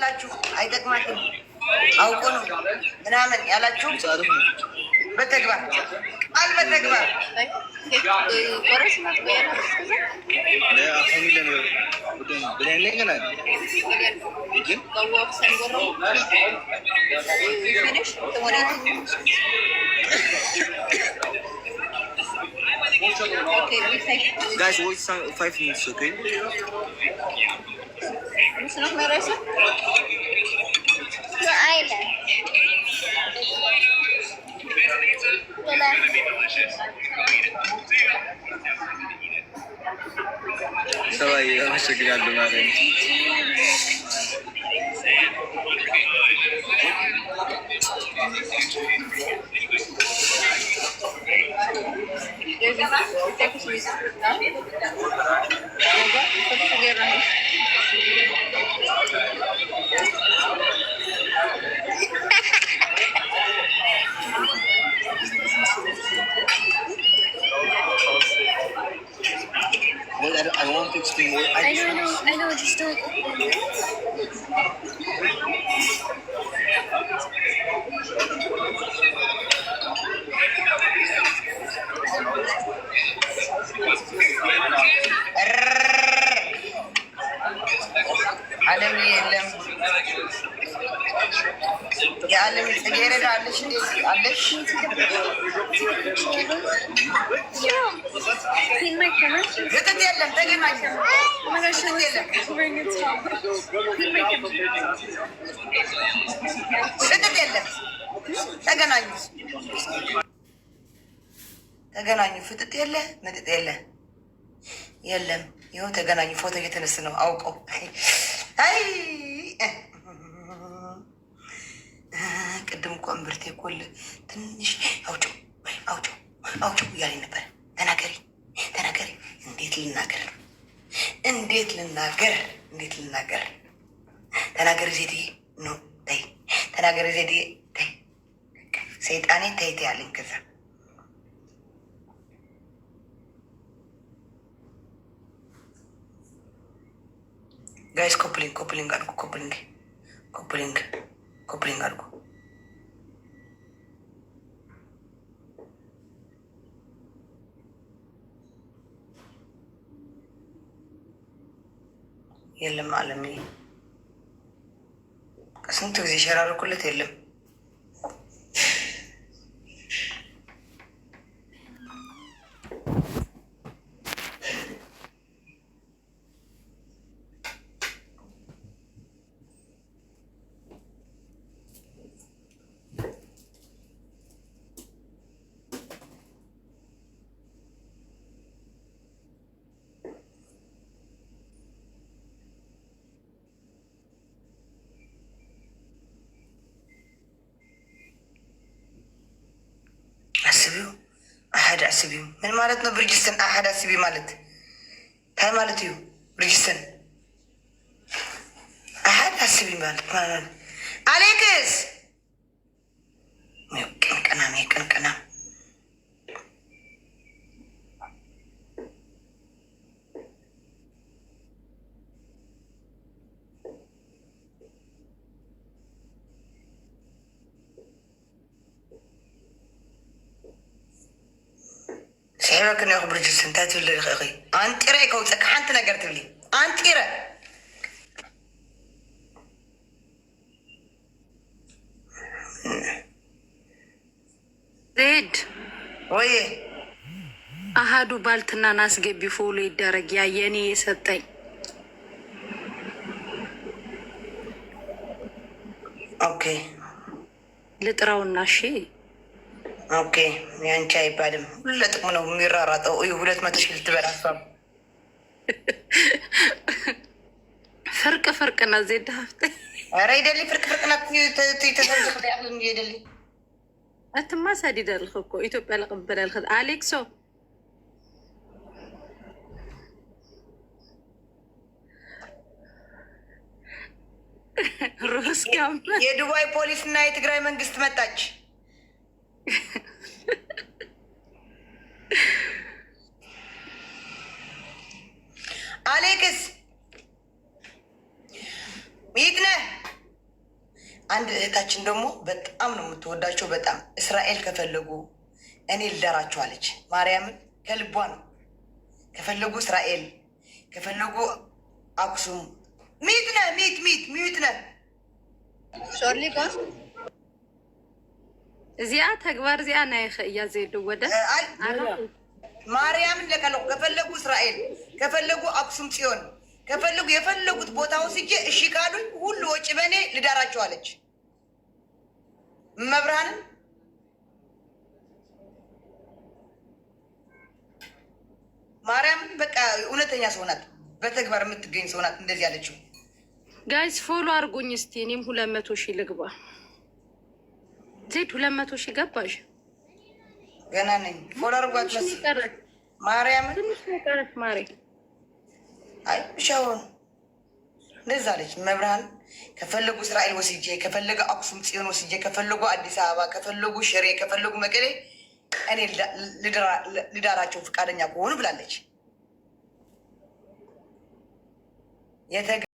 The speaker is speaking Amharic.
ያላችሁ አይጠቅማትም፣ አውቆ ነው ምናምን ያላችሁ በተግባር ቃል በተግባር Guys, wait five minutes, okay? ምስኖት መረሱ አይለ ሰባዬ አመሰግናለሁ ማለት ነው። Thank you. Wait, I, don't, I want to explain. I, I don't know. I know. Just don't. አለም ጽጌረዳ አለሽ እንዴ? የለም ጠገማ ተገናኙ ተገናኙ። ፍጥጥ የለ ምጥጥ የለ የለም። ይኸው ተገናኙ። ፎቶ እየተነስ ነው አውቀው አይ ቅድም እኮ እምብርቴ ኮል ትንሽ አውጭው አውጭው አውጭው እያለኝ ነበር። ተናገሪ ተናገሪ። እንዴት ልናገር? እንዴት ልናገር? እንዴት ልናገር? ተናገሪ ሴትዬ ኖ ተይ፣ ተናገሪ ሴትዬ ተይ፣ ሰይጣኔ ተይ ተይ ከዛ ጋይስ ኮፕሊንግ ኮፕሊንግ አልኩ ኮፕሊንግ ኮፕሊንግ ኮፕሊንግ አድርጎ የለም አለም ከስንቱ ጊዜ ሸራርኩለት የለም እዩ ኣሓድ ኣስብ እዩ ምን ማለት ነው? ብርጅስተን ኣሓድ ኣስብ እዩ ማለት እንታይ ማለት እዩ? ብርጅስተን ኣሓድ ኣስብ እዩ ማለት ማለት ኣሌክስ ቀንቀናም ቀንቀናም ኣንጢረ ክንኹ ብርጅስ እንታይ ትብል ኽእኺ ኣንጢረ ይከውፀካ ሓንቲ ነገር ትብሊ ኣንጢረ ዜድ ወይ ኣሃዱ ባልትና ናስገቢ ፎሎ ይደረግ ያ የኔ የሰጠኝ ኦኬ ልጥራውና እሺ ኦኬ ያንቺ አይባልም። ለጥቅሙ ነው የሚራራጠው። ሁለት መቶ ሺህ ልትበላ ፍርቅ ፍርቅ ና ዜድ ሀፍተ ኧረ ይደሊ ፍርቅ ፍርቅ ና ተደሊ እትማ ሳዲድ አልክ እኮ ኢትዮጵያ ለቅበል አልክ አሌክሶ ሩስ የዱባይ ፖሊስ እና የትግራይ መንግስት መጣች። አሌክስ የት ነህ? አንድ እህታችን ደግሞ በጣም ነው የምትወዳቸው። በጣም እስራኤል ከፈለጉ እኔ ልዳራቸው አለች። ማርያምን ከልቧ ነው። ከፈለጉ እስራኤል ከፈለጉ አክሱም። ሚት ነህ? ሚት ሚት ሚት ነህ? ሾሊጋ እዚኣ ተግባር እዚያ ናይ ኸ ወደ ማርያምን ለቀለቁ ከፈለጉ እስራኤል ከፈለጉ አክሱም ጽዮን ከፈለጉ የፈለጉት ቦታ ወስጄ እሺ ካሉኝ ሁሉ ወጪ በእኔ ልዳራቸው አለች። መብርሃንን ማርያም በቃ እውነተኛ ሰው ናት፣ በተግባር የምትገኝ ሰው ናት። እንደዚህ አለችው። ጋይስ ፎሎ አድርጎኝ እስቲ እኔም ሁለት መቶ ሺህ ልግባ። ዜድ ሁለት መቶ ሺህ ገባሽ? ገና ነኝ። ፎሎ አርጓት ማርያምን ትንሽ ማርያም አይ ሻወር እንደዛ አለች መብርሃን። ከፈለጉ እስራኤል ወስጄ፣ ከፈለጉ አክሱም ጽዮን ወስጄ፣ ከፈለጉ አዲስ አበባ፣ ከፈለጉ ሽሬ፣ ከፈለጉ መቀሌ እኔ ልዳራቸው ፈቃደኛ ከሆኑ ብላለች።